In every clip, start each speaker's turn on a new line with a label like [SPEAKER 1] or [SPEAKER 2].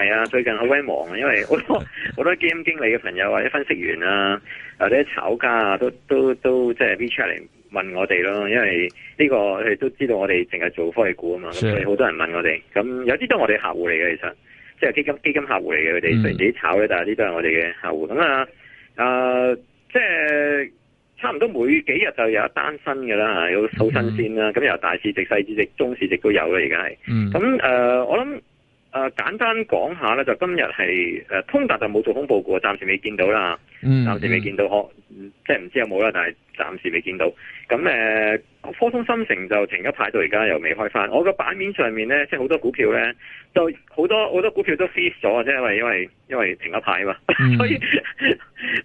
[SPEAKER 1] 係啊，最近好鬼忙啊，因為好多好多基金經理嘅朋友或者分析員啊，呃、或者炒家啊，都都都即係 reach 出嚟問我哋咯。因為呢、這個佢哋都知道我哋淨係做科技股啊嘛，所以、啊、好多人問我哋。咁有啲都係我哋客戶嚟嘅，其實即係基金基金客戶嚟嘅，佢哋雖然自己炒咧，但係呢啲都係我哋嘅客戶。咁啊，誒、呃，即係差唔多每幾日就有一單新嘅啦，有好新鮮啦。咁、嗯、由大市值、細市值、中市值都有啦，而家係。咁誒、嗯呃，我諗。誒、呃，簡單講下咧，就今日係誒通達就冇做公布過，暫時未見到啦。嗯。暫、嗯、時未見到，我即係唔知有冇啦，但係暫時未見到。咁誒、呃，科通芯城就停一排到而家又未開翻。我個版面上面咧，即係好多股票咧，就好多好多股票都 fit 咗，即係因為因為因為停一排嘛，嗯、 所以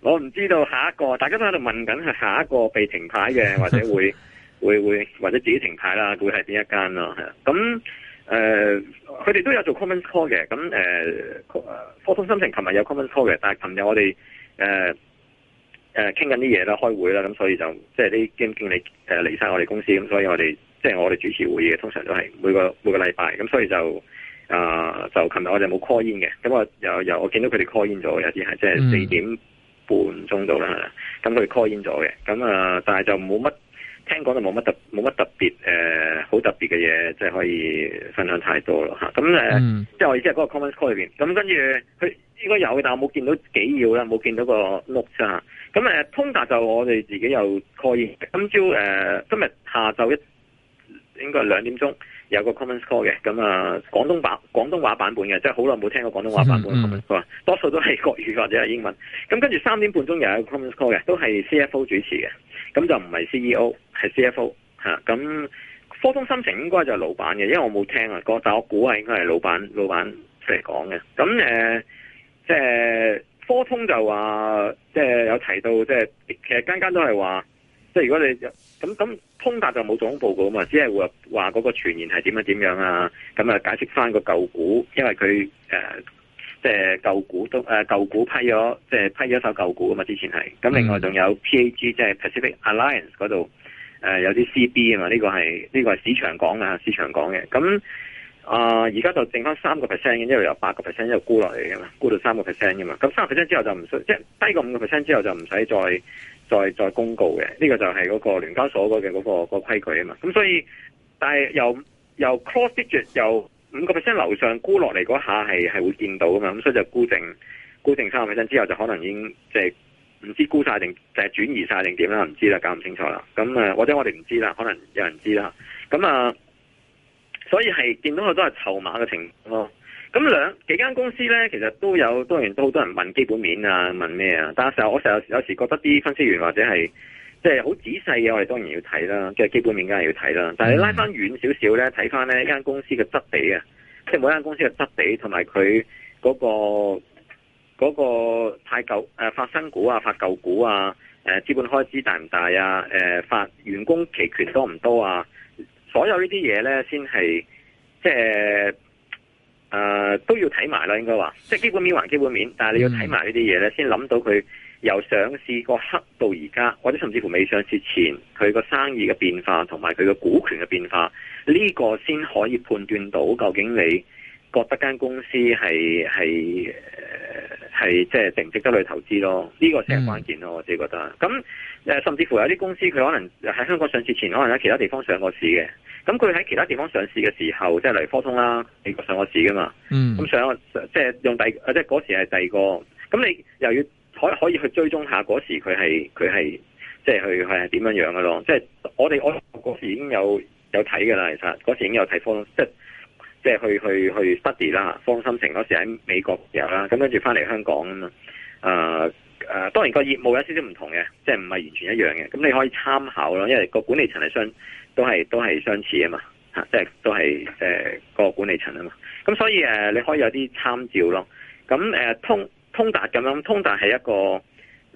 [SPEAKER 1] 我唔知道下一個，大家都喺度問緊係下一個被停牌嘅，或者會會會 或者自己停牌啦，會係邊一間咯？係咁。誒，佢哋、呃、都有做 common call 嘅，咁誒，科、呃、通芯城琴日有 common call 嘅，但係琴日我哋誒誒傾緊啲嘢啦，開會啦，咁所以就即係啲經理誒、呃、離曬我哋公司，咁所以我哋即係我哋主持會議，通常都係每個每個禮拜，咁所以就啊、呃，就琴日我哋冇 call in 嘅，咁我有有我見到佢哋 call in 咗有啲係即係四點半鐘到啦，咁佢哋 call in 咗嘅，咁、呃、啊，但係就冇乜。聽講就冇乜特冇乜特別誒，好特別嘅嘢，即、呃、係、就是、可以分享太多啦嚇。咁誒，呃嗯、即係我意思係嗰個 comments call 裏邊。咁跟住佢應該有，但係我冇見到幾要啦，冇見到個 note 咋。咁誒，通達就我哋自己有 call 今、呃。今朝誒，今日下晝一應該係兩點鐘有個 comments call 嘅。咁啊、呃，廣東版廣東話版本嘅，即係好耐冇聽過廣東話版本 comments call，多數都係國語或者係英文。咁、嗯、跟住三點半鐘又有個 comments call 嘅，都係 CFO 主持嘅，咁就唔係 CEO。係 CFO 咁科通芯城應該就係老闆嘅，因為我冇聽啊個，但我估係應該係老闆老闆出嚟講嘅。咁即係科通就話，即係有提到，即係其實間間都係話，即係如果你咁咁通達就冇總報告啊嘛，只係話嗰個傳言係點樣點樣啊，咁啊解釋翻個舊股，因為佢即係舊股都舊股批咗，即係批咗一手舊股啊嘛，之前係，咁另外仲有 PAG、mm. 即係 Pacific Alliance 嗰度。誒、呃，有啲 C B 啊嘛，呢、這個係呢、這個係市場講嘅，市場講嘅。咁啊，而、呃、家就剩翻三個 percent，一路由八個 percent 一路沽落嚟嘅嘛，沽到三個 percent 嘅嘛。咁三個 percent 之後就唔需，即係低過五個 percent 之後就唔使再再再公告嘅。呢、這個就係嗰個聯交所嘅嗰、那個、那個規、那個、矩啊嘛。咁所以，但係由由 crossed 住由五個 percent 樓上沽落嚟嗰下係係會見到噶嘛。咁所以就沽剩沽剩三個 percent 之後就可能已經即係。唔知沽曬定定係轉移曬定點啦？唔知啦，搞唔清楚啦。咁或者我哋唔知啦，可能有人知啦。咁啊，所以係見到佢都係籌碼嘅情況。咁、哦、兩幾間公司咧，其實都有當然都好多人問基本面啊，問咩啊。但係我成日有，有時覺得啲分析員或者係即係好仔細嘅，我哋當然要睇啦。即係基本面梗係要睇啦。但係拉翻遠少少咧，睇翻呢一間公司嘅質地啊，即係每間公司嘅質地同埋佢嗰個。嗰個派舊誒發生股啊，發舊股啊，誒資本開支大唔大啊？誒、呃、發員工期權多唔多啊？所有呢啲嘢咧，先係即係誒、呃、都要睇埋啦，應該話即係基本面還基本面，但係你要睇埋呢啲嘢咧，先諗到佢由上市個刻到而家，或者甚至乎未上市前佢個生意嘅變,變化，同埋佢嘅股權嘅變化，呢個先可以判斷到究竟你覺得間公司係係係即係值唔值得去投資咯，呢、這個先係關鍵咯，我自己覺得。咁、嗯、甚至乎有啲公司佢可能喺香港上市前，可能喺其他地方上過市嘅。咁佢喺其他地方上市嘅時候，即係例如科通啦，美國上過市㗎嘛。嗯。咁上即係用第，即係嗰時係第二個。咁你又要可以可以去追蹤下嗰時佢係佢係即係去係點樣樣嘅咯，即係我哋我嗰時已經有有睇㗎啦，其實嗰時已經有睇科通即。即係去去去 study 啦，方心情嗰時喺美國入啦，咁跟住翻嚟香港啊啊、呃呃，當然個業務有少少唔同嘅，即係唔係完全一樣嘅，咁你可以參考咯，因為個管理層係相都係都係相似啊嘛，啊即係都係誒、呃個管理層啊嘛，咁所以誒你可以有啲參照咯，咁誒、呃、通通達咁樣，通達係一個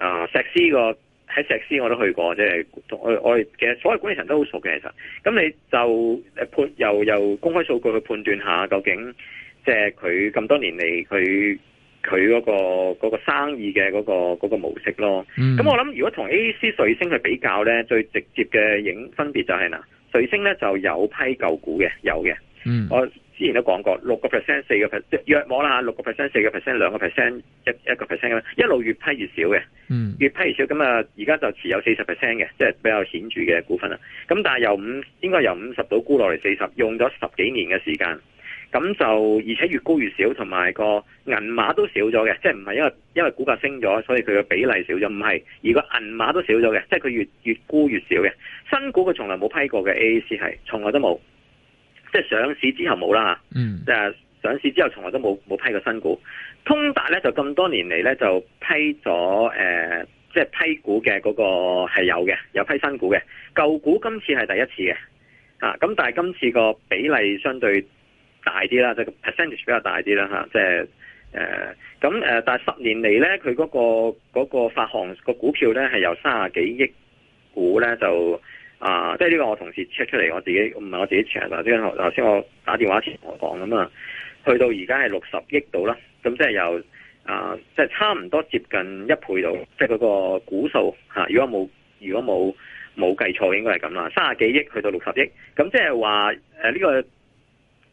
[SPEAKER 1] 啊、呃、石獅個。喺石獅我都去過，即係我我哋其實所謂管理層都好熟嘅其實。咁你就判由由公開數據去判斷下究竟，即係佢咁多年嚟佢佢嗰個嗰個生意嘅嗰個嗰個模式咯。咁、嗯、我諗如果同 A C 瑞星去比較咧，最直接嘅影分別就係、係、嗱，瑞星咧就有批舊股嘅，有嘅。嗯，我。之前都講過，六個 percent、四個 percent，約摸啦六個 percent、四個 percent、兩個 percent、一一個 percent，一路越批越少嘅。嗯，越批越少，咁啊，而家就持有四十 percent 嘅，即係、就是、比較顯著嘅股份啦。咁但係由五應該由五十到沽落嚟四十，用咗十幾年嘅時間。咁就而且越沽越少，同埋個銀碼都少咗嘅，即係唔係因為因為股價升咗，所以佢嘅比例少咗？唔係，而個銀碼都少咗嘅，即係佢越越沽越少嘅新股，佢從來冇批過嘅 A A C 係，從來都冇。即係上市之後冇啦，嗯，誒，上市之後從來都冇冇批過新股。通達咧就咁多年嚟咧就批咗誒，即係批股嘅嗰個係有嘅，有批新股嘅，舊股今次係第一次嘅，啊，咁但係今次個比例相對大啲啦，即係 percentage 比較大啲啦吓，即係誒，咁誒，但係十年嚟咧，佢嗰個嗰個發行個股票咧係由卅幾億股咧就。啊，即係呢個我同事 check 出嚟，我自己唔係我自己 check，但係先頭先我打電話前我講咁啊，去到而家係六十億度啦，咁即係由啊，即係差唔多接近一倍度，即係嗰個股數嚇。如果冇，如果冇冇計錯，應該係咁啦，三十幾億去到六十億，咁即係話誒呢個。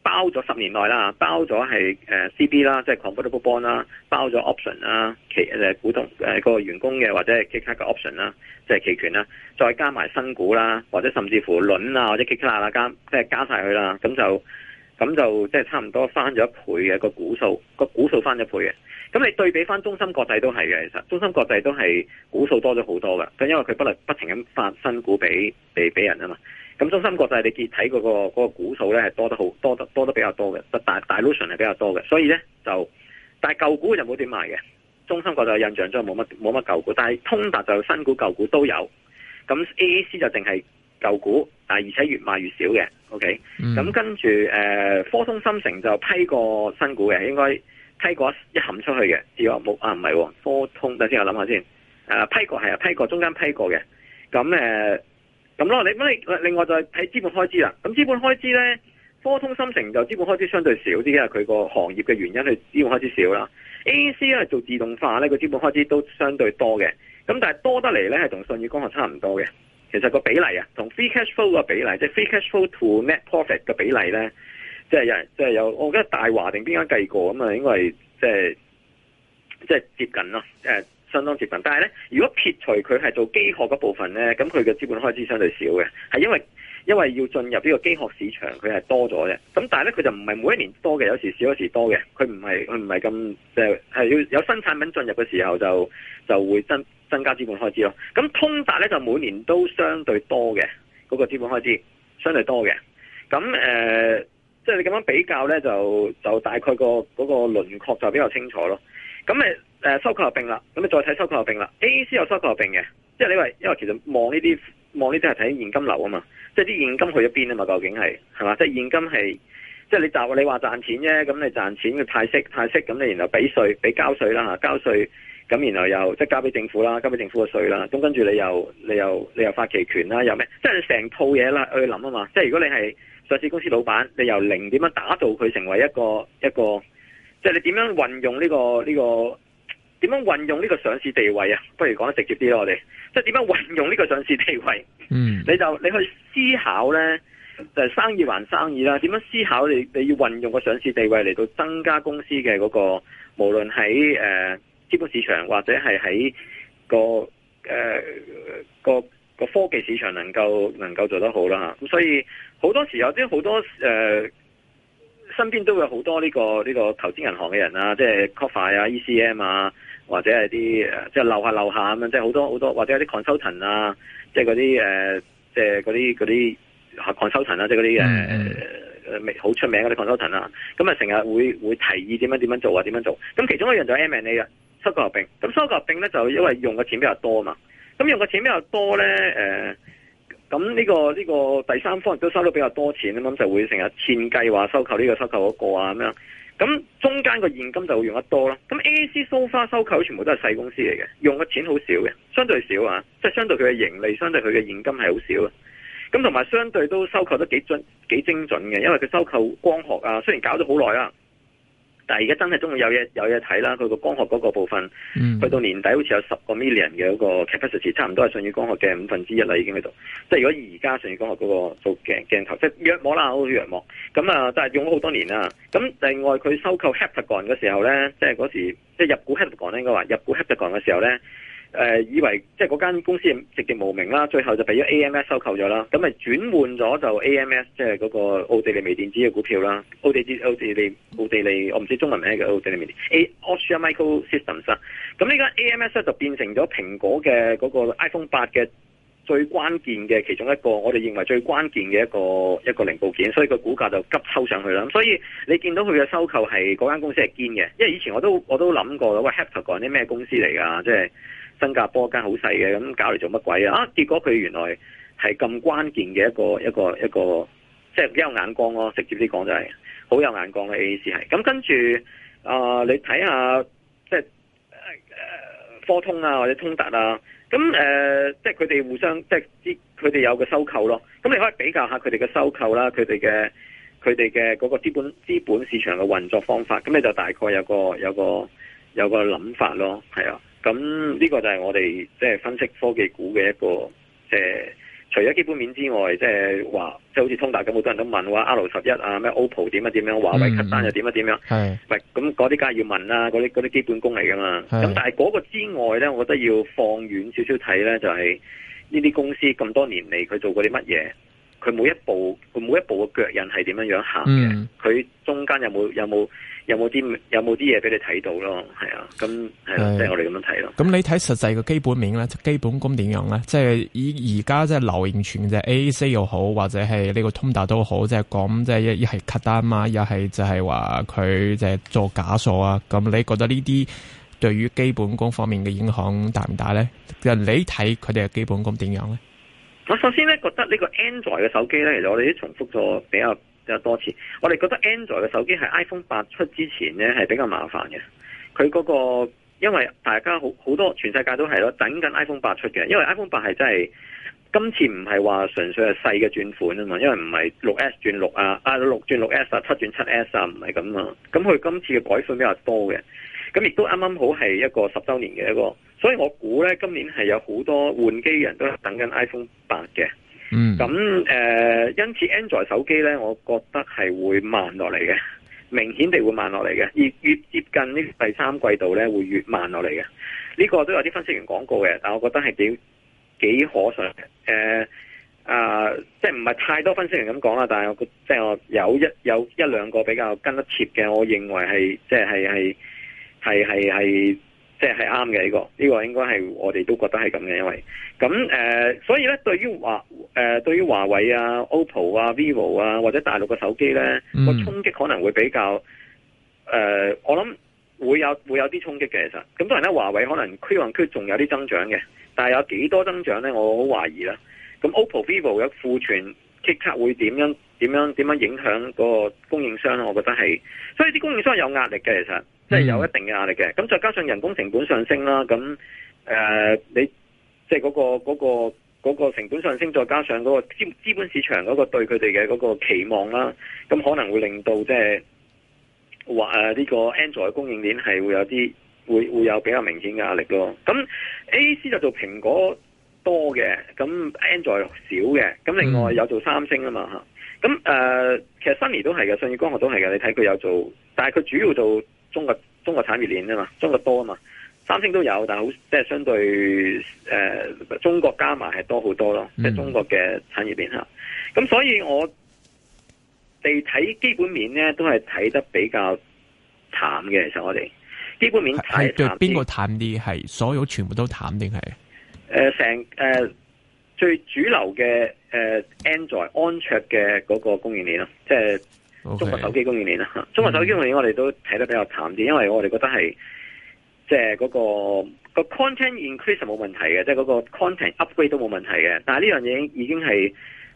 [SPEAKER 1] 包咗十年內啦，包咗係 C B 啦，即係 Convertible Bond 啦，包咗 Option 啦，期誒股東誒、個員工嘅或者係其他嘅 Option 啦，即係期權啦，再加埋新股啦，或者甚至乎輪啊或者其他啦，就是、加即係加晒佢啦，咁就咁就即係、就是、差唔多翻咗一倍嘅、個股數，個股數翻一倍嘅，咁你對比翻中芯國際都係嘅，其實中芯國際都係股數多咗好多嘅，咁因為佢不不停咁發新股俾嚟俾人啊嘛。咁中芯國際你見睇嗰個、那個股數咧係多得好多得多得比較多嘅，但大大 lotion 係比較多嘅，所以咧就但係舊股就冇點賣嘅。中芯國際印象中冇乜冇乜舊股，但係通達就新股舊股都有。咁 A A C 就淨係舊股，但係而且越賣越少嘅。OK，咁、mm. 跟住誒、呃、科通芯城就批過新股嘅，應該批過一一冚出去嘅。只有冇啊，唔係科通，等先我諗下先。誒、呃、批過係啊批過，中間批過嘅。咁咁咯，你咁你另外就係睇資本開支啦。咁資本開支咧，科通芯城就資本開支相對少啲，因為佢個行業嘅原因，佢資本開支少啦。A C 咧做自動化咧，佢資本開支都相對多嘅。咁但係多得嚟咧，係同信宇光學差唔多嘅。其實個比例啊，同 free cash flow 個比例，即係 free、即係、free cash flow to net profit 嘅比例咧，即係即係有、即係、有我記得大華定邊間計過咁啊，應該係即係即係接近咯，即係相當接近，但係咧，如果撇除佢係做機殼嗰部分咧，咁佢嘅資本開支相對少嘅，係因為因為要進入呢個機殼市場，佢係多咗嘅。咁但係咧，佢就唔係每一年多嘅，有時少，有時多嘅。佢唔係佢唔係咁即係係要有新產品進入嘅時候就就會增增加資本開支咯。咁通達咧就每年都相對多嘅嗰個資本開支相對多嘅。咁即係你咁樣比較咧，就就大概個嗰個輪廓就比較清楚咯。咁誒。誒，收購合併啦，咁你再睇收購合併啦，A A C 有收購合併嘅，即係你話，因為其實望呢啲望呢啲係睇現金流啊嘛，即係啲現金去咗邊啊嘛，究竟係係嘛？即係現金係，即係你賺你話賺錢啫，咁你賺錢嘅派息派息，咁你然後俾稅俾交稅啦吓，交稅，咁然後又即係交俾政府啦，交俾政府嘅稅啦，咁跟住你又你又你又發期權啦，又咩？即係你成套嘢，啦去諗啊嘛，即係如果你係上市公司老闆，你由零點樣打造佢成為一個一個，即係你點樣運用呢個呢個？這個點樣運用呢個上市地位啊？不如講得直接啲咯，我哋即係點樣運用呢個上市地位？嗯，mm. 你就你去思考咧，就係，生意還生意啦。點樣思考你你要運用個上市地位嚟到增加公司嘅嗰，那個，無論喺誒資本市場或者係喺個誒、呃、個個科技市場能夠能夠做得好啦，啊，咁所以好多時候即好多誒、呃，身邊都會有好多呢、這個呢、這個投資銀行嘅人啊，即係 cover 啊，ECM 啊。或者係啲誒，即係留下留下咁樣，即係好多好多，或者有啲 consultant 啊，即係嗰啲誒，即係嗰啲嗰啲 consultant 啦，即係嗰啲未好出名嗰啲 consultant 啦，咁啊成日會會提議點樣點樣做啊、點樣做，咁其中一樣就係 M&A 啊，收購合併，咁收購合併咧就因為用嘅錢比較多啊嘛。咁用嘅錢比較多咧誒，咁呢個呢個第三方都收得比較多錢，咁就會成日串計話收購呢個收購嗰個啊，咁樣。咁中間個現金就會用得多囉。咁 AAC so far 收購全部都係細公司嚟嘅，用嘅錢好少嘅，相對少啊。即係相對佢嘅盈利，相對佢嘅現金係好少啊。咁同埋相對都收購得幾，幾精準嘅，因為佢收購光學啊，雖然搞咗好耐啦。但係而家真係終於有嘢有嘢睇啦！佢個光學嗰個部分，去、嗯、到年底好似有十個 million 嘅嗰個 capacity，差唔多係舜宇光學嘅五分之一啦，已經喺度。即係如果而家舜宇光學嗰個做鏡鏡頭，即係弱模啦，好似藥模。咁啊，但係用咗好多年啦。咁另外佢收購 Heptagon 嘅時候呢，即係嗰時即係入股 Heptagon 咧，應該話入股 Heptagon 嘅時候呢。誒、呃，以為即係嗰間公司直接無名啦，最後就俾咗 AMS 收購咗啦，咁咪轉換咗就 AMS 即係嗰個奧地利微電子嘅股票啦。奧地利、奧地利、奧地利，我唔知中文名嘅奧地利微電子 Austria Microsystems 啦。咁呢間 AMS 咧就變成咗蘋果嘅嗰、嗰個 iPhone 八嘅最關鍵嘅其中一個，我哋認為最關鍵嘅一個一個零部件，所以個股價就急抽上去啦。咁所以你見到佢嘅收購係嗰間公司係堅嘅，因為以前我都我都諗過，喂 Heptagon 啲咩公司嚟噶，即係。新加坡間好細嘅，咁搞嚟做乜鬼啊？結果佢原來係咁關鍵嘅一個一個一個，即係有眼光咯。直接啲講就係、是、好有眼光嘅意思係。咁跟住啊，你睇下即係、呃、科通啊或者通達啊，咁誒、呃，即係佢哋互相即係知，佢哋有個收購咯。咁你可以比較下佢哋嘅收購啦，佢哋嘅佢哋嘅嗰個資本資本市場嘅運作方法。咁你就大概有個有個有個諗法咯，係啊。咁呢、這個就係我哋即係分析科技股嘅一個即、呃、除咗基本面之外，即係話即係好似通達咁，好多人都問話阿羅十一啊，咩 OPPO 點啊點樣，華為 cut 單又點啊點樣，係，咁嗰啲梗係要問啦，嗰啲啲基本功嚟噶嘛，咁、嗯、但係嗰個之外咧，我覺得要放遠少少睇咧，就係呢啲公司咁多年嚟佢做過啲乜嘢，佢每一步佢每一步嘅腳印係點樣樣行嘅，佢、嗯、中間有冇有冇？有有冇啲有冇啲嘢俾你睇到咯？係啊，咁係啊，即係的我哋咁樣
[SPEAKER 2] 睇咯。咁你睇實際嘅基本面咧，就是、基本功點樣咧？即、就、係、是、以而家即係流言傳嘅 A A C 又好，或者係呢個通達都好，即係講即係一係 cut 單啊，又係就係話佢即係做假數啊。咁你覺得呢啲對於基本功方面嘅影響大唔大咧？就是、你睇佢哋嘅基本功點樣咧？
[SPEAKER 1] 我首先咧覺得呢個 Android 嘅手機咧，其實我哋都重複咗比較。比較多次，我哋覺得 Android 嘅手機喺 iPhone 八出之前呢係比較麻煩嘅。佢嗰個因為大家好好多全世界都係咯，等緊 iPhone 八出嘅。因為 iPhone 八係真係今次唔係話純粹係細嘅轉款啊嘛，因為唔係六 S 轉六啊啊六轉六 S 啊七轉七 S 啊，唔係咁啊。咁佢今次嘅改款比較多嘅，咁亦都啱啱好係一個十周年嘅一個，所以我估呢，今年係有好多換機人都等緊 iPhone 八嘅。嗯，咁誒、呃，因此 Android 手機咧，我覺得係會慢落嚟嘅，明顯地會慢落嚟嘅，越越接近呢第三季度咧，會越慢落嚟嘅。呢、這個都有啲分析員講過嘅，但我覺得係幾可信嘅。誒、呃呃、即係唔係太多分析員咁講啦，但係我即係我有一有一兩個比較跟得切嘅，我認為係即係係係係係。就是是即係啱嘅呢個，呢、這個應該係我哋都覺得係咁嘅，因為咁誒、呃，所以咧，對於華誒、呃，對於華為啊、OPPO 啊、VIVO 啊或者大陸嘅手機咧，個、嗯、衝擊可能會比較誒、呃，我諗會有會有啲衝擊嘅，其實咁當然咧，華為可能區域區仲有啲增長嘅，但係有幾多增長咧，我好懷疑啦。咁 OPPO、VIVO 嘅庫存積壓會點樣？點樣？點樣影響嗰個供應商咧？我覺得係，所以啲供應商係有壓力嘅，其實。即係有一定嘅壓力嘅，咁再加上人工成本上升啦，咁誒、呃、你即係嗰個嗰個嗰個成本上升，再加上嗰個資資本市場嗰個對佢哋嘅嗰個期望啦，咁可能會令到即係話誒呢個 Android 供應鏈係會有啲會會有比較明顯嘅壓力咯。咁 AC 就做蘋果多嘅，咁 Android 少嘅，咁另外有做三星啊嘛吓。咁誒、呃、其實 Sunny 都係嘅，舜宇光學都係嘅。你睇佢有做，但係佢主要做。中國中國產業鏈啊嘛，中國多啊嘛，三星都有，但係好即係相對誒、呃、中國加埋係多好多咯，即係、嗯、中國嘅產業鏈吓。咁所以我哋睇基本面咧，都係睇得比較淡嘅。其實我哋基本面睇對邊個
[SPEAKER 2] 淡啲，係所有全部都淡定係？
[SPEAKER 1] 誒、呃，成誒、呃、最主流嘅誒、呃、Android 安卓嘅嗰個供應鏈咯，即、就、係、是。Okay. 中國手機供應鏈啦，中國手機供應鏈我哋都睇得比較淡啲，嗯、因為我哋覺得係即係嗰個 content increase 冇問題嘅，即係嗰個 content upgrade 都冇問題嘅，但係呢樣嘢已經係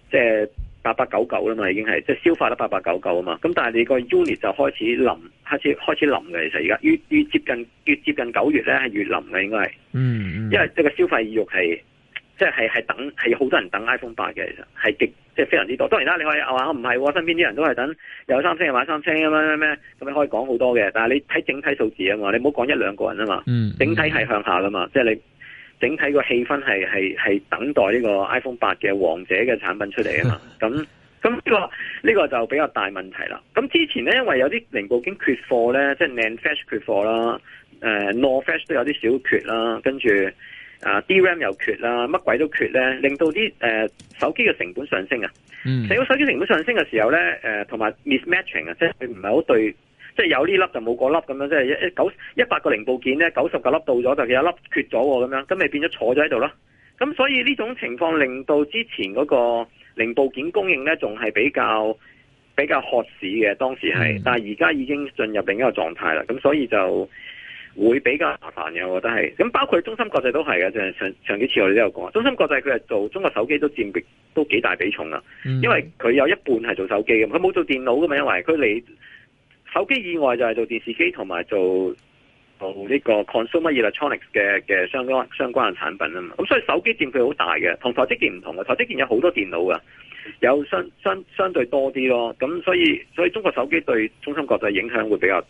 [SPEAKER 1] 即係八八九九啦嘛，已經係即係消化得八八九九啊嘛，咁但係你個 unit 就開始冧開始開始冧嘅，其實而家越越接近越接近九月咧係越冧嘅，應該係、嗯，嗯，因為即係個消費意欲係。即係係等係好多人等 iPhone 八嘅，其實係極即係非常之多。當然啦，你可以話唔係，我、哦哦、身邊啲人都係等有三星買買三星咁咩咩咩咁你可以講好多嘅。但係你睇整體數字啊嘛，你唔好講一兩個人啊嘛，嗯、整體係向下噶嘛，嗯、即係你整體個氣氛係係係等待呢個 iPhone 八嘅王者嘅產品出嚟啊嘛。咁咁呢個呢、這個就比較大問題啦。咁之前呢，因為有啲零部件缺貨呢，即係 NAND Flash 缺貨啦，誒、呃、，NOR Flash 都有啲小缺啦，跟住。啊、uh,，DRAM 又缺啦，乜鬼都缺咧，令到啲誒手機嘅成本上升啊！成個、mm. 手機成本上升嘅時候咧，誒同埋 mismatching 啊，atching, 即係佢唔係好對，即係有呢粒就冇個粒咁樣，即係一九一百個零部件咧，九十九粒到咗，就有一粒缺咗喎，咁樣咁咪變咗坐咗喺度咯。咁所以呢種情況令到之前嗰個零部件供應咧，仲係比較比較渴市嘅，當時係，mm. 但係而家已經進入另一個狀態啦。咁所以就。會比較麻煩嘅，我覺得係咁，包括中芯國際都係嘅，就係上上幾次我哋都有講，中芯國際佢係做中國手機都佔極都幾大比重啦，因為佢有一半係做手機嘅，佢冇做電腦嘅嘛，因為佢你手機以外就係做電視機同埋做做呢個 consumer electronics 嘅，嘅相關相關嘅產品啊嘛，咁所以手機佔佢好大嘅，同台積電唔同嘅，台積電有好多電腦噶，有相相相對多啲咯，咁所以所以中國手機對中芯國際影響會比較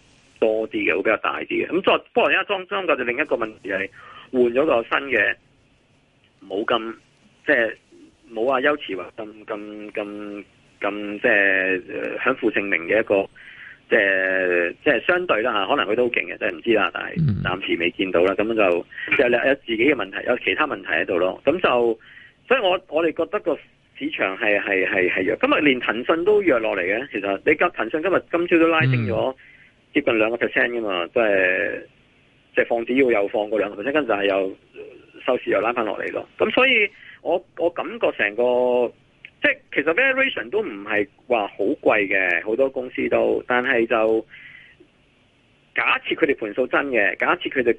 [SPEAKER 1] 多啲嘅，會比較大啲嘅。咁再不過而家裝裝就另一個問題係換咗個新嘅，冇咁即係冇啊優持話咁咁咁咁即係享負盛名嘅一個，即係即係相對啦吓，可能佢都好勁嘅，即係唔知啦，但係暫時未見到啦。咁就有有自己嘅問題，有其他問題喺度咯。咁就所以我我哋覺得個市場係係係係弱。今日連騰訊都弱落嚟嘅，其實你隔騰訊今日今朝都拉升咗。接近兩個 percent 嘅嘛，即係即係放止要又放過兩個 percent，跟住係又收市又拉翻落嚟咯。咁所以我，我我感覺成個即係、就是、其實 valuation 都唔係話好貴嘅，好多公司都，但係就假設佢哋盤數真嘅，假設佢哋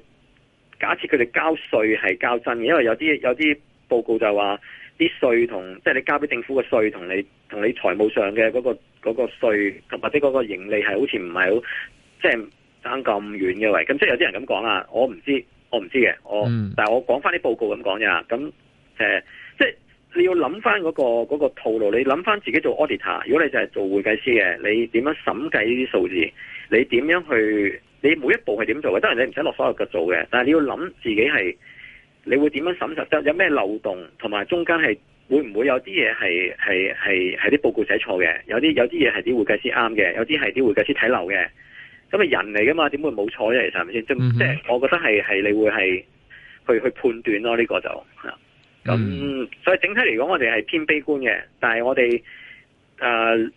[SPEAKER 1] 假設佢哋交稅係交真嘅，因為有啲有啲報告就話啲稅同即係、就是、你交俾政府嘅稅同你同你財務上嘅嗰、那個嗰、那個稅同或者嗰個盈利係好似唔係好。即係爭咁遠嘅位，咁即係有啲人咁講啊，我唔知，我唔知嘅，我，嗯、但係我講翻啲報告咁講啫。咁誒，即係你要諗翻嗰個嗰、嗰個套路，你諗翻自己做 auditor，如果你就係做會計師嘅，你點樣審計呢啲數字？你點樣去？你每一步係點做嘅？當然你唔使落手落腳做嘅，但係你要諗自己係你會點樣審實？即係有咩漏洞同埋中間係會唔會有啲嘢係係係係啲報告寫錯嘅？有啲有啲嘢係啲會計師啱嘅，有啲係啲會計師睇漏嘅。咁咪人嚟噶嘛，點會冇錯啫？其實係咪先？即係即我覺得係係你會係去去判斷咯。呢、呢個就咁，嗯嗯、所以整體嚟講，我哋係偏悲觀嘅。但係我哋啊、呃，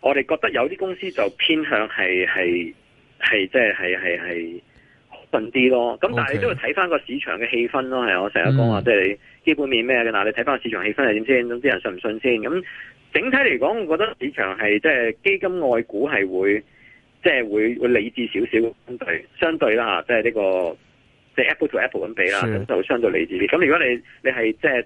[SPEAKER 1] 我哋覺得有啲公司就偏向係係即係係係係好順啲咯。咁但係你都要睇翻個市場嘅氣氛咯。係、嗯、我成日講話，即係你基本面咩嘅嗱，你睇翻個市場氣氛係點先？咁啲人信唔信先？咁、嗯、整體嚟講，我覺得市場係即係基金外股係會。即係會會理智少少，相對相對啦，即係呢、這個即係 Apple to Apple 咁比啦，咁的就相對理智啲。咁如果你你係即係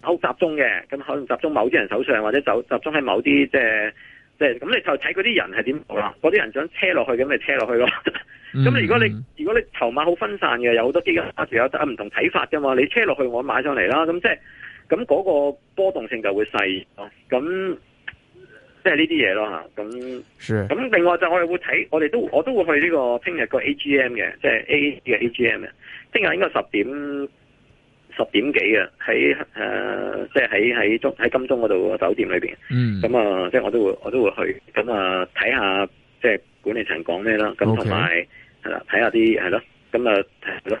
[SPEAKER 1] 好集中嘅，咁可能集中某啲人手上，或者集中喺某啲、嗯、即係即係，咁你就睇嗰啲人係點啦。嗰啲、嗯、人想車落去，咁咪車落去咯。
[SPEAKER 3] 咁、 嗯、如果
[SPEAKER 1] 你如果你籌碼好分散嘅，有好多基金持有，有唔同睇法噶嘛，你車落去我買上嚟啦。咁即係咁嗰個波動性就會細。咁、嗯即係呢啲嘢咯嚇，咁咁，是另外就我哋會睇，我哋都我都會去呢個聽日個 AGM 嘅，即係 A 嘅 AGM 嘅，聽日應該十點十點幾嘅，喺誒即係喺喺中喺金鐘嗰度酒店裏邊。嗯，咁啊，即係我都會我都會去，咁啊睇下即係管理層講咩咯，咁同埋係啦，睇下啲係咯，咁啊係咯。看看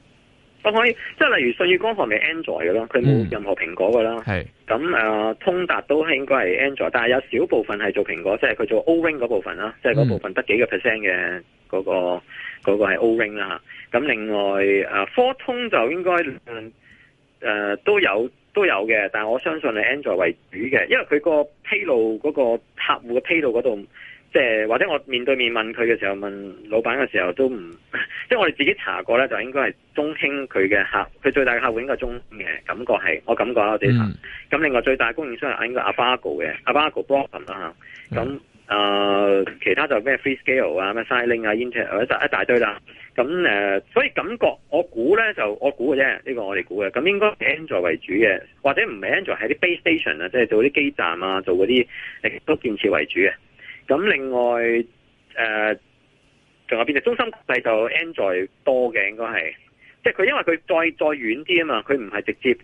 [SPEAKER 1] 我可以即係，例如舜宇光學咪 Android 嘅咯，佢冇任何蘋果噶啦。係咁誒，通達都係應該係 Android，但係有少部分係做蘋果，即係佢做 O ring 嗰部分啦，嗯、即係嗰部分得幾個 percent 嘅嗰個嗰、那個係 O ring 啦。咁另外誒、啊，科通就應該誒、嗯呃、都有都有嘅，但係我相信係 Android 為主嘅，因為佢個披露嗰個客戶嘅披露嗰度。即係或者我面對面問佢嘅時候，問老闆嘅時候都唔即係我哋自己查過咧，就應該係中興佢嘅客，佢最大嘅客戶應該中興嘅感覺係，我感覺啦，我自己查。咁、嗯、另外最大嘅供應商係應該阿巴古嘅，阿巴古 Broken 咁誒其他就咩 FreeScale 啊、咩 Silent 啊、Intel 一大堆啦。咁誒、呃、所以感覺我估咧就我估嘅啫，呢個我哋估嘅。咁應該 Android 為主嘅，或者唔係 Android 係啲 Base Station 啊，即係做啲基站啊，做嗰啲亦都建設為主嘅。咁另外，誒、呃、仲有邊？嘅中芯國際就 Android 多嘅，應該係，即係佢因為佢再再遠啲啊嘛，佢唔係直接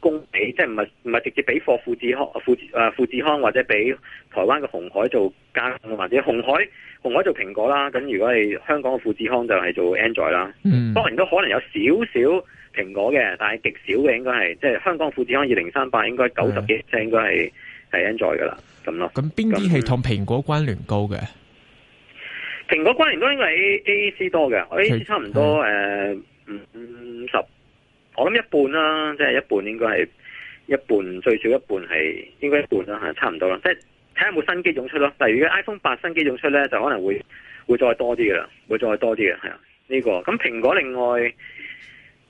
[SPEAKER 1] 供俾，即係唔係唔係直接俾貨富智康、富誒、啊、富智康或者俾台灣嘅鴻海做加工，或者鴻海鴻海做蘋果啦。咁如果係香港嘅富智康就係做 Android 啦。嗯、當然都可能有少少蘋果嘅，但係極少嘅應該係，即係香港富智康二零三八應該九十幾，即係應該係。係 n j o y 噶啦，咁咯。咁
[SPEAKER 2] 邊啲係同蘋果關聯高嘅？
[SPEAKER 1] 蘋、嗯、果關聯高應該係 A A C 多嘅，A C 差唔多誒，五十、嗯，呃、50, 我諗一半啦，即、就、係、是、一半應該係一半最少一半係，應該一半啦，係差唔多啦。即係睇下有冇新機種出咯。例如嘅 iPhone 八新機種出咧，就可能會會再多啲嘅啦，會再多啲嘅係啊。呢、這個咁蘋果另外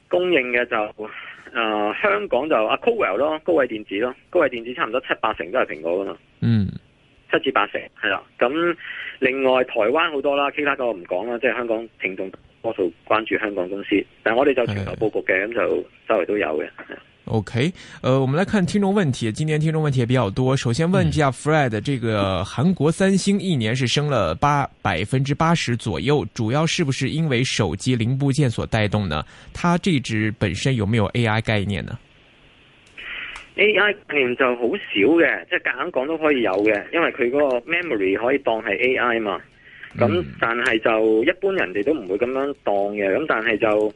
[SPEAKER 1] 供應嘅就。.啊、呃！香港就阿、啊、Cowell 咯，高位電子咯，高位電子差唔多七八成都係蘋果噶嘛，嗯，七至八成係啦。咁另外台灣好多啦，其他嗰個唔講啦，即係香港聽眾多數關注香港公司，但係我哋就全球布局嘅，咁的就周圍都有嘅。
[SPEAKER 2] OK，呃，我們來看聽眾問題，今天聽眾問題也比較多。首先問一下 Fred，這個韓國三星一年是升了八百分之八十左右，主要是不是因為手機零部件所帶動呢？它這隻本身有沒有 AI 概念呢
[SPEAKER 1] ？AI 概念就好少嘅，即係夾硬講都可以有嘅，因為佢嗰個 memory 可以當係 AI 嘛。咁但係就一般人哋都唔會咁樣當嘅，咁但係就。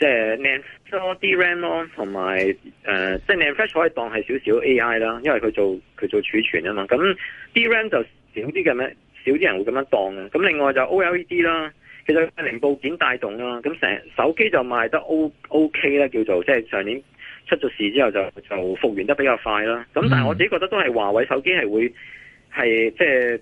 [SPEAKER 1] 即係 NAND or DRAM 咯，同埋誒，即、呃、係、就是、NAND Flash 可以當係少少 AI 啦，因為佢做佢做儲存啊嘛。咁 DRAM 就少啲嘅咩，少啲人會咁樣當咁、啊、另外就 OLED 啦，其實零部件帶動啦、啊。咁成手機就賣得 O OK 啦，叫做即係、就是、上年出咗事之後就就復原得比較快啦。咁但係我自己覺得都係華為手機係會係即係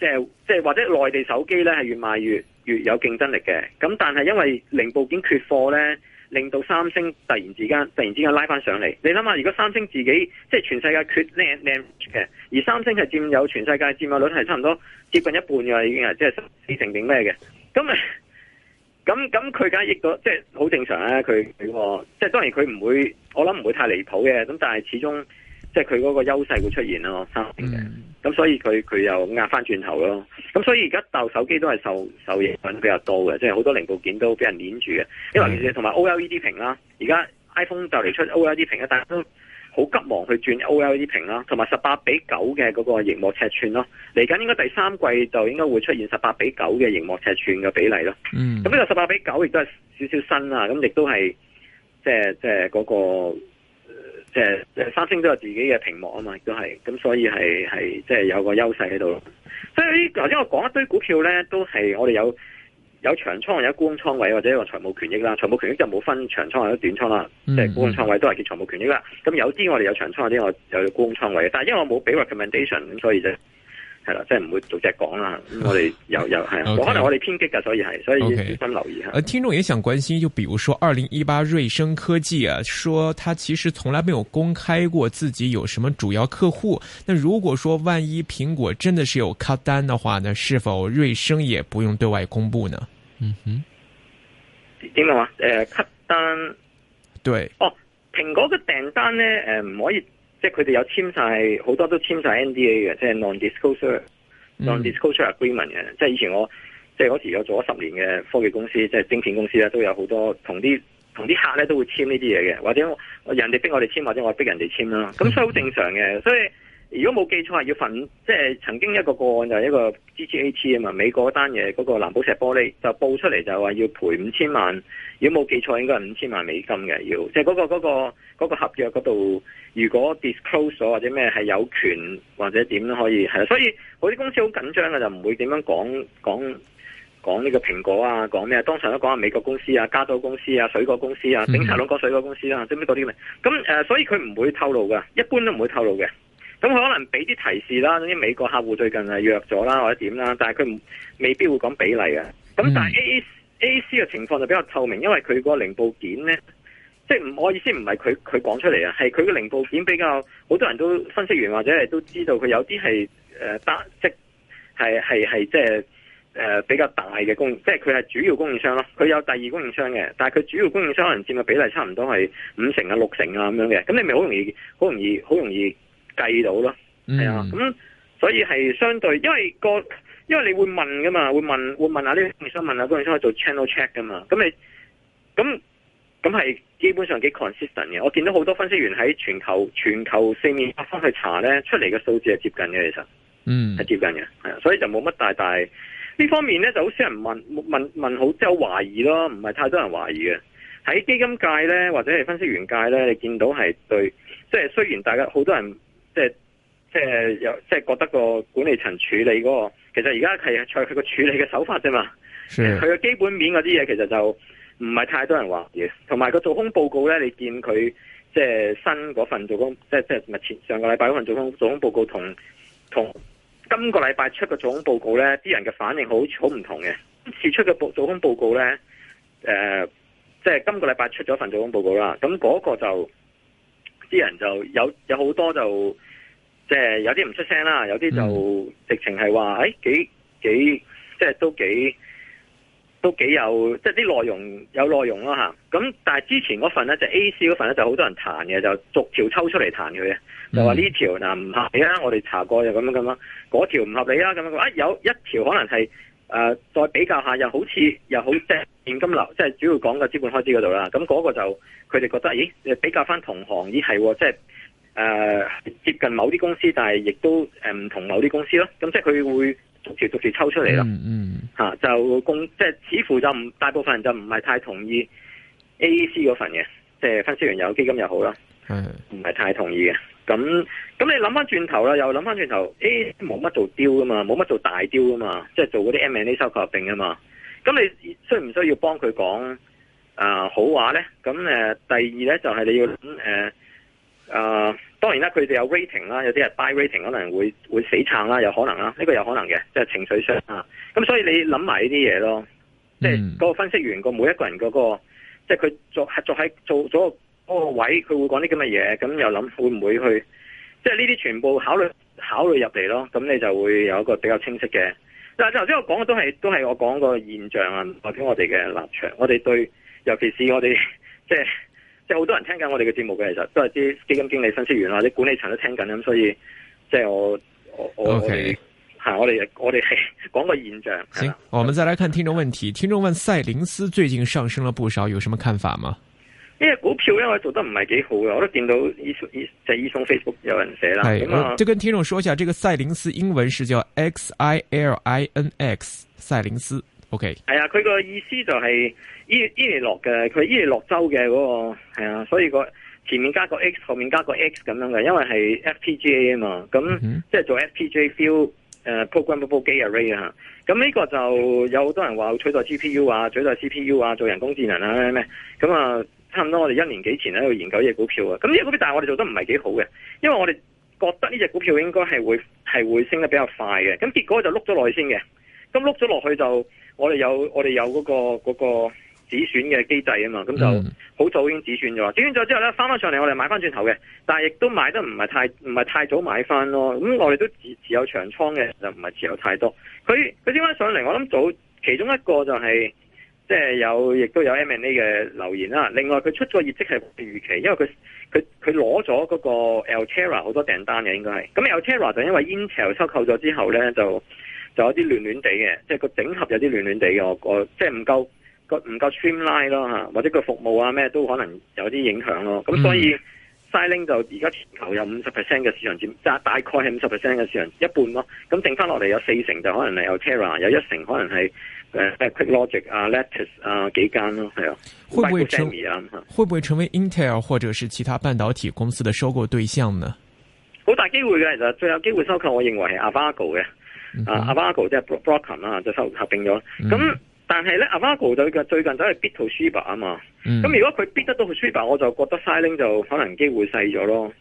[SPEAKER 1] 即係即係或者內地手機咧係越賣越越有競爭力嘅，咁但係因為零部件缺貨咧，令到三星突然之間突然之間拉翻上嚟。你諗下，如果三星自己即係全世界缺呢樣嘅，而三星係佔有全世界佔有率係差唔多接近一半嘅啦，已經係係係係啊，即係四成定咩嘅。咁啊，咁咁佢梗係亦個即係好正常啦。佢呢個即係當然佢唔會，我諗唔會太離譜嘅。咁但係始終即係佢嗰個優勢會出現咯，三星嘅。嗯咁、嗯、所以佢佢又壓翻轉頭咯，咁、嗯、所以而家就手機都係受受影響比較多嘅，即係好多零部件都俾人黏住嘅。因為其實同埋 OLED 屏啦，而家 iPhone 就嚟出 OLED 屏啦，大家都好急忙去轉 OLED 屏啦，同埋十八比九嘅嗰個螢幕尺寸咯。嚟緊應該第三季就應該會出現十八比九嘅螢幕尺寸嘅比例咯。咁呢、嗯、個十八比九亦都係少少新啦，咁、嗯、亦都係即係即係嗰、那個。即係即三星都有自己嘅屏幕啊嘛，都係咁，所以係係即係有個優勢喺度咯。所以頭先我講一堆股票咧，都係我哋有有長倉、或者沽空倉位，或者話財務權益啦。財務權益就冇分長倉或者短倉啦，即係沽空倉位都係叫財務權益啦。咁、嗯嗯、有啲我哋有長倉，有啲我有沽空倉位，但係因為我冇俾 recommendation，咁所以就。係啦， 即係唔會逐隻講啦。我哋、啊嗯、又又係，我 Okay. 可能我哋偏激噶，所以係，所以要小心留意吓。誒、okay.
[SPEAKER 2] 啊，聽眾也想關心，就比如說二零一八瑞聲科技啊，說他其實從來沒有公開過自己有什麼主要客戶。那如果說萬一蘋果真的是有 cut 單的話呢，呢是否瑞聲也不用對外公布呢？嗯哼，
[SPEAKER 1] 點啊？誒 cut 單對哦，蘋果嘅訂單呢誒唔、呃、可以。即係佢哋有簽晒，好多都簽晒 NDA 嘅，即係 non-disclosure、non-disclosure、嗯、non-disclosure agreement 嘅。即係以前我即係嗰時有做咗十年嘅科技公司，即係晶片公司咧，都有好多同啲同啲客咧都會簽呢啲嘢嘅，或者人哋逼我哋簽，或者我逼人哋簽啦。咁所以好正常嘅。所以如果冇記錯係要份，即係曾經一個個案就係一個 GTAT 啊嘛，美國嗰單嘢嗰個藍寶石玻璃就爆出嚟就話要賠五千萬，如果冇記錯應該係五千萬美金嘅要，即係嗰個嗰個嗰個合約嗰度。如果 disclosure 或者咩係有權或者點都可以係，所以我啲公司好緊張嘅就唔會點樣講講講呢個蘋果啊，講咩啊，當場都講下美國公司啊、加州公司啊、水果公司啊、警察兩個水果公司啦、啊，係咩嗰啲咩。咁誒，所以佢唔會透露㗎，一般都唔會透露嘅。咁佢可能俾啲提示啦，總之美國客戶最近係約咗啦，或者點啦，但係佢唔未必會講比例啊。咁但係 A A C 嘅情況就比較透明，因為佢個零部件咧。即係我意思唔係佢佢講出嚟啊，係佢嘅零部件比較好多人都分析完或者係都知道佢有啲係誒單即係係係即係誒比較大嘅供，即係佢係主要供應商咯。佢有第二供應商嘅，但係佢主要供應商可能占嘅比例差唔多係五成啊六成啊咁樣嘅。咁你咪好容易好容易好容易計到咯，係啊。咁、嗯、所以係相對，因為個因為你會問噶嘛，會問會問下呢啲供應商，問下供應商去做 channel check 噶嘛。咁你咁。那咁係基本上幾 consistent 嘅，我見到好多分析員喺全球全球四面八方去查呢出嚟嘅數字係接近嘅，其實，嗯，係接近嘅，係啊，嗯，所以就冇乜大大呢方面呢，就好少人問問問好即係懷疑咯，唔係太多人懷疑嘅。喺基金界呢，或者係分析員界呢，你見到係對，即係雖然大家好多人即係即係有即係覺得個管理層處理嗰個，其實而家係在佢個處理嘅手法啫嘛，佢嘅
[SPEAKER 3] 是的
[SPEAKER 1] 基本面嗰啲嘢，其實就。唔係太多人話嘢，同埋個做空報告呢。你見佢即係新嗰份做空，即係即係前上個禮拜嗰份做空做空報告同同今個禮拜出嘅做空報告呢，啲人嘅反應好好唔同嘅。今次出嘅做空報告呢，誒，即係今，、呃就是、今個禮拜出咗份做空報告啦。咁嗰個就啲人就有有好多就即係、就是、有啲唔出聲啦，有啲就直情係話誒幾幾即係都幾。都幾有，即係啲內容有內容咯、啊、吓，咁但係之前嗰份咧，就是、A C 嗰份咧，就好、是、多人彈嘅，就逐條抽出嚟彈佢嘅，就話呢條嗱唔合理啊！我哋查過就咁樣咁樣嗰條唔合理啦、啊、咁樣。啊有一條可能係誒、呃、再比較下，又好似又好即係現金流，即、就、係、是、主要講嘅資本開支嗰度啦。咁嗰個就佢哋覺得，咦？比較返同行咦係即係誒接近某啲公司，但係亦都誒唔同某啲公司咯。咁即係佢會。逐條逐條抽出嚟咯、嗯嗯啊，就共即係似乎就唔大部分人就唔係太同意 A E C 嗰份嘅即係分析完有基金又好啦，唔係、嗯、太同意嘅？咁咁你諗翻轉頭啦，又諗翻轉頭，A E C 冇乜做 deal 㗎嘛，冇乜做大 deal 㗎嘛，即係做嗰啲 M and A 收購合併啊嘛，咁你需唔需要幫佢講、呃、好話咧？咁、呃、第二咧就係、是、你要誒。嗯呃啊、呃，當然啦，佢哋有 rating 啦，有啲人 buy rating 可能會會死撐啦，有可能啦，呢、這個有可能嘅，即、就、係、是、情緒上啊。咁所以你諗埋呢啲嘢咯，即係嗰個分析員個每一個人嗰、那個，即係佢做係做喺做咗嗰個位置，佢會講啲咁嘅嘢，咁又諗會唔會去，即係呢啲全部考慮考慮入嚟咯。咁你就會有一個比較清晰嘅。嗱，係頭先我講嘅都係都係我講個現象啊，代表我哋嘅立場，我哋對尤其是我哋即係。即係好多人聽緊我哋嘅節目嘅，其實都係啲基金經理、分析員啦，啲管理層都聽緊咁，所以即係我我我係我哋我哋係講個現象。行，
[SPEAKER 2] 我們再來看聽眾問題。聽眾問：賽靈思最近上升了不少，有什麼看法嗎？
[SPEAKER 1] 呢個股票因為做得唔係幾好嘅，我都見到伊伊即係伊松 Facebook 有人寫啦。誒，就
[SPEAKER 2] 跟聽眾說一下，這個賽靈思英文是叫 Xilinx，賽靈思。O K，
[SPEAKER 1] 係啊，佢個 Okay. 意思就係伊利諾伊嘅，佢伊利諾州嘅嗰、那個係啊，所以個前面加個 X，後面加個 X 咁樣嘅，因為係 FPGA 啊嘛，咁、mm hmm. 即係做 FPGA feel 誒、uh, programmable gate array 啊，咁呢個就有好多人話取，取代 G P U 啊，取代 C P U 啊，做人工智能啊咩咩，咁啊差唔多我哋一年幾前喺度研究呢隻股票啊，咁呢隻股票，這個、但係我哋做得唔係幾好嘅，因為我哋覺得呢隻股票應該係會係會升得比較快嘅，咁結果就碌咗落去先嘅，咁碌咗落去就。我哋有我哋有嗰、那個嗰、那個止損嘅機制啊嘛，咁就好早已經止損咗。止損咗之後咧，翻翻上嚟，我哋買翻轉頭嘅，但係亦都買得唔係太唔係太早買翻咯。咁、嗯、我哋都持持有長倉嘅，就唔係持有太多。佢佢點翻上嚟，我諗早其中一個就係即係有亦都有 M&A 嘅留言啦。另外佢出咗業績係預期，因為佢佢佢攞咗嗰個 Altera 好多訂單嘅應該係。咁 Altera 就因為 Intel 收購咗之後咧就。就有啲亂亂地嘅，即、就、係、是、個整合有啲亂亂地嘅，我即係、就、唔、是、夠唔夠 streamline 咯或者個服務啊咩都可能有啲影響咯。咁、嗯、所以 Xilinx 就而家全球有五十 percent 嘅市場佔，大大概係五十 percent 嘅市場一半咯。咁剩翻落嚟有四成就可能係有 Altera 有一成可能係誒、呃、QuickLogic 啊、Lattice 啊幾間咯，係啊。啊會唔會成
[SPEAKER 2] 會唔會成為 Intel 或者係其他半導體公司嘅收購對象呢？
[SPEAKER 1] 好大機會嘅，其實最有機會收購，我認為係 Avago 嘅。啊，Avago 即係 Broadcom 啦，co，就收、er，合併咗。咁但係咧，Avago 最近最近走去 bid Toshiba 啊嘛。咁、嗯、如果佢 bid 得到 Toshiba 我就覺得 Silicon 就可能機會細咗咯。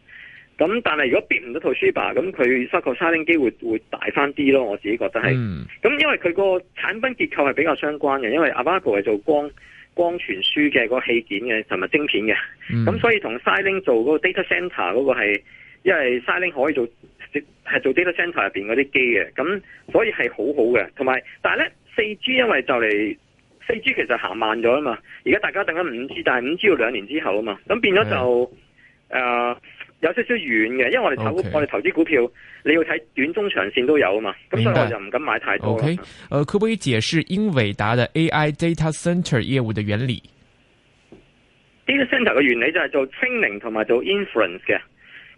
[SPEAKER 1] 咁但係如果 bid 唔到 Toshiba 咁佢收購 Silicon 機會會大翻啲咯。我自己覺得係。咁、嗯、因為佢個產品結構係比較相關嘅，因為 Avago 係做光光傳輸嘅嗰個器件嘅，同埋晶片嘅。咁、嗯嗯、所以同 Silicon 做嗰個 data center 嗰個係，因為 Silicon 可以做。係做 data center 入邊嗰啲機嘅，咁所以係好好嘅，同埋但係咧四 G 因為就嚟四 G 其實行慢咗啊嘛，而家大家等緊五 G，但係五 G 要兩年之後啊嘛，咁變咗就誒的、呃、有少少遠嘅，因為我哋投 Okay. 我哋投資股票，你要睇短中長線都有啊嘛，咁所以我就唔敢買太多。OK，
[SPEAKER 2] 誒可唔可以解釋英偉達嘅 AI data center 業務嘅原理
[SPEAKER 1] ？data center 嘅原理就係做 training 同埋做 inference 嘅。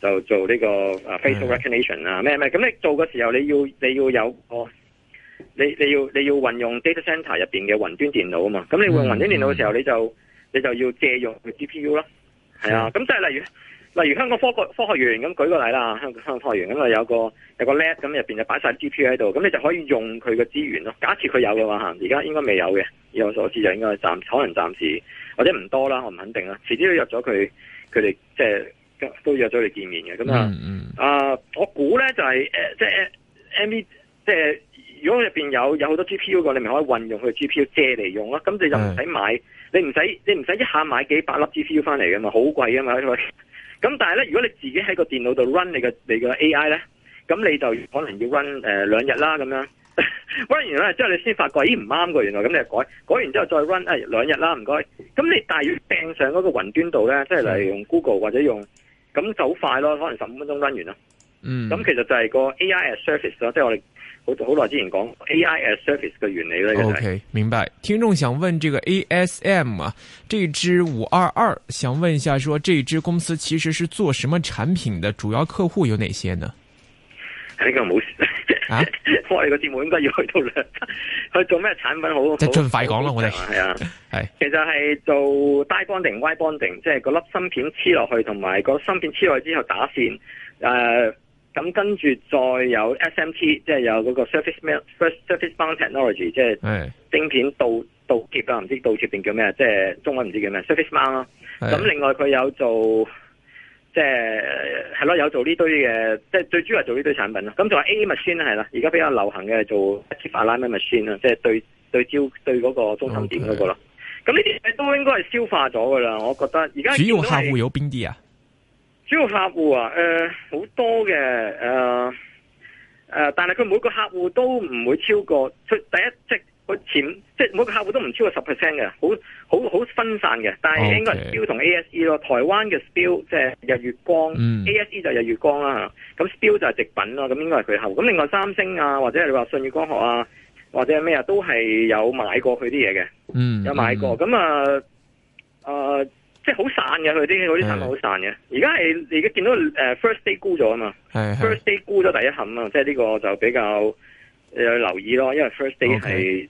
[SPEAKER 1] 就做呢、這個誒、uh,，facial recognition 啊的，咩咩咁？你、嗯嗯、做嘅時候，你要你要有個、哦，你你要你要運用 data center 入邊嘅雲端電腦啊嘛。咁你運用雲端電腦嘅時候，你就你就要借用佢 G P U 咯。係啊，咁、嗯嗯嗯嗯嗯、即係例如，例如香港科學科學園咁，舉個例啦，香港科學園咁啊、嗯，有個有個 lab 咁入邊就擺晒 G P U 喺度，咁、嗯、你就可以用佢嘅資源咯。假設佢有嘅話吓，而家應該未有嘅，依我所知就應該暫可能暫時或者唔多啦，我唔肯定啦。遲啲都入咗佢，佢哋即係。就是都約咗你見面嘅，咁啊，啊、mm hmm. 呃，我估咧就係、是呃、即係、呃、M V，即係如果入邊有有好多 G P U 嘅，你咪可以運用佢 G P U 借嚟用咯。咁你就唔使買，mm hmm. 你唔使你唔使一下買幾百粒 G P U 翻嚟嘅嘛，好貴啊嘛。咁但係咧，如果你自己喺個電腦度 run 你嘅你嘅 A I 咧，咁你就可能要 run、呃、兩日啦咁樣。 run 完咧之後，你先發覺咦唔啱嘅，原來咁你就改改完之後再 run、哎、兩日啦，唔該。咁你大約掟上嗰個雲端度咧，即係例如用 Google 或者用。咁就好快咯，可能十五分鐘温完啦。嗯，
[SPEAKER 2] 咁其
[SPEAKER 1] 實就係個 AI as service 咯。即係我哋好好耐之前講 AI as service 嘅原理咧。OK，
[SPEAKER 2] 明白。聽眾想問這個 ASM 啊，這支五二二，想問一下，說這支公司其實是做什麼產品，的主要客戶有哪些呢？
[SPEAKER 1] 呢啊、 我哋個節目應該要去到啦，去做咩產品好？即係盡快講啦，我哋係啊，係。其實係做 die bonding、wire bonding，即係個粒芯片黐落去，同埋個芯片黐落去之後打線。誒、呃，咁跟住再有 SMT，即係有嗰個 surface mo-surface bond technology，即係晶片倒倒貼啊，唔知倒貼定叫咩，即係中文唔知叫咩 surface bond 啦、啊。咁是 另外佢有做。即係係咯，有做呢堆嘅，即係最主要係做呢堆產品啦。咁就話 A machine 係啦，而家比較流行嘅係做 Active Alignment machine 啦，即係對對焦對嗰個中心點嗰、嗰個咯。咁呢啲嘢都應該係消化咗噶啦，我覺得而家主要客
[SPEAKER 2] 戶有邊啲啊？
[SPEAKER 1] 主要客戶啊，誒、呃，好多嘅，誒、呃，誒、呃，但係佢每個客戶都唔會超過出第一隻。即我前即係每個客戶都唔超過十 percent 嘅，好好好分散嘅。但係應該係 Spill 同 ASE 咯。台灣嘅 Spill 即係日月光、嗯、，ASE 就日月光啦。咁 Spill 就係直品咯。咁應該係佢後。咁另外三星啊，或者你話信宇光學啊，或者咩啊，都係有買過佢啲嘢嘅。嗯、
[SPEAKER 3] 有買過。
[SPEAKER 1] 咁啊、嗯，誒，即係好散嘅佢啲嗰啲產品好散嘅。而家係你而家見到誒、呃、First Day 高咗啊嘛的，First Day 高咗第一冚啊，即係呢個就比較有留意咯，因為 First Day 係。是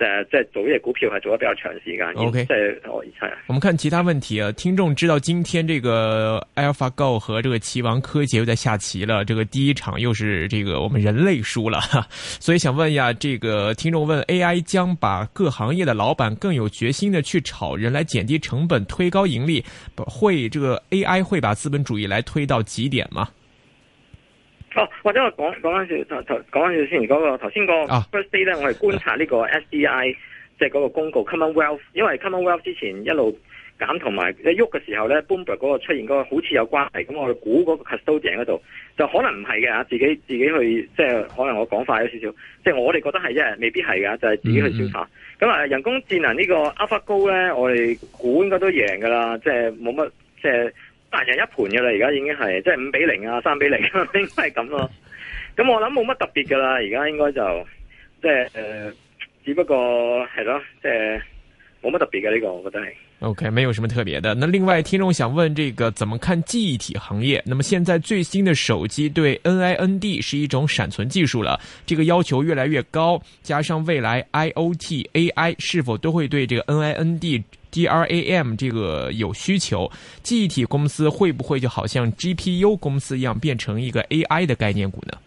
[SPEAKER 1] 在即係做股票係做咗比較長時間。O K，即係我下
[SPEAKER 2] 我們看其他問題啊，聽眾知道今天這個 Alpha Go 和這個棋王柯潔又在下棋了。這個第一場又是這個我們人類輸了，哈， 所以想問一下，這個聽眾問 A I 將把各行業的老闆更有決心的去炒人，來減低成本，推高盈利，會這個 A I 會把資本主義來推到極點嗎？
[SPEAKER 1] 哦，或者我講講翻少頭講翻少先，嗰、那個頭先個 first day 咧，我係觀察呢個 SDI，即係嗰個公告。啊、Commonwealth，因為 Commonwealth 之前一路減同埋喐嘅時候咧，Bloomberg 嗰個出現嗰個好似有關係，咁我哋估嗰個 custodian 嗰度就可能唔係嘅啊！自己自己去即係、就是、可能我講快咗少少，即、就、係、是、我哋覺得係啫，未必係噶，就係、是、自己去調查。咁啊、嗯嗯，那人工智能這個呢個 AlphaGo 咧，我哋估應該都贏噶啦，即係冇乜即係。就是但係一盤嘅啦，而家已經係即係五比零啊，三比零啊，應該係咁咯。咁我諗冇乜特別噶啦，而家應該就即係誒，只不過係咯，即係冇乜特別嘅呢個，我覺得係。
[SPEAKER 2] O.K. 沒有什麼特別的。那另外聽眾想問，這個怎麼看記憶體行業？那麼現在最新的手機對 NAND 是一種閃存技術了，這個要求越來越高，加上未來 IOT、AI 是否都會對這個 NAND？DRAM 這個有需求，記憶體公司會不會就好像 GPU 公司一樣，變成一個 AI 的概念股呢？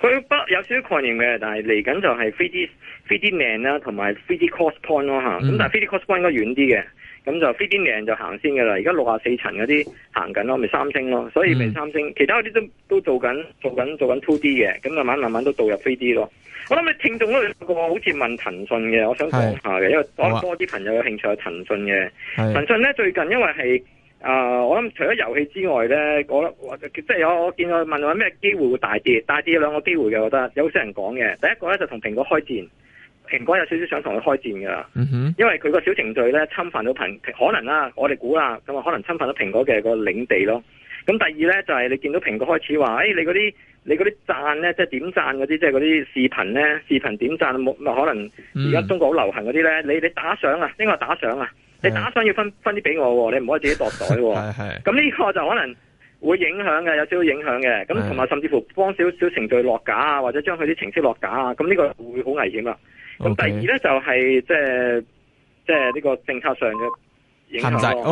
[SPEAKER 1] 佢不有少少概念嘅，但係嚟緊就係 3D 3D NAND 啦，同埋 3D cross point 咯吓，咁但係 3D cross point 應該遠啲嘅。咁就飛 D 靚就先行先嘅啦，而家六啊四層嗰啲行緊咯，咪、就、三、是、星咯，所以咪三星，嗯、其他嗰啲都都做緊做緊做緊 two D 嘅，咁慢慢慢慢都導入飛 D 咯。我諗你聽眾嗰度有個好似問騰訊嘅，我想講下嘅，是因為可多啲朋友有興趣去騰訊嘅。騰訊咧最近因為係誒、呃，我諗除咗遊戲之外咧，我或者即係有我見到問話咩機會會大跌，大跌有兩個機會嘅，我覺得有少人講嘅。第一個咧就同蘋果開戰。蘋果有少少想同佢開戰㗎喇，嗯、哼因為佢個小程序咧侵犯到蘋可能啦、啊，我哋估啦，咁啊可能侵犯到蘋果嘅個領地咯。咁第二咧就係、是、你見到蘋果開始話，誒、哎、你嗰啲你嗰啲讚咧，即係點讚嗰啲，即係嗰啲視頻咧，視頻點讚冇，可能而家中國好流行嗰啲咧，你你打賞啊，應該係打賞啊，的啊，你打賞要分分啲俾我，你唔可以自己度袋、啊。係係 的。咁呢個就可能會影響嘅，有少少影響嘅。咁同埋甚至乎幫少少程序落架啊，或者將佢啲程式落架啊，咁呢個會好危險啦。咁第二咧就係，即係即係呢個政策上嘅影響咯。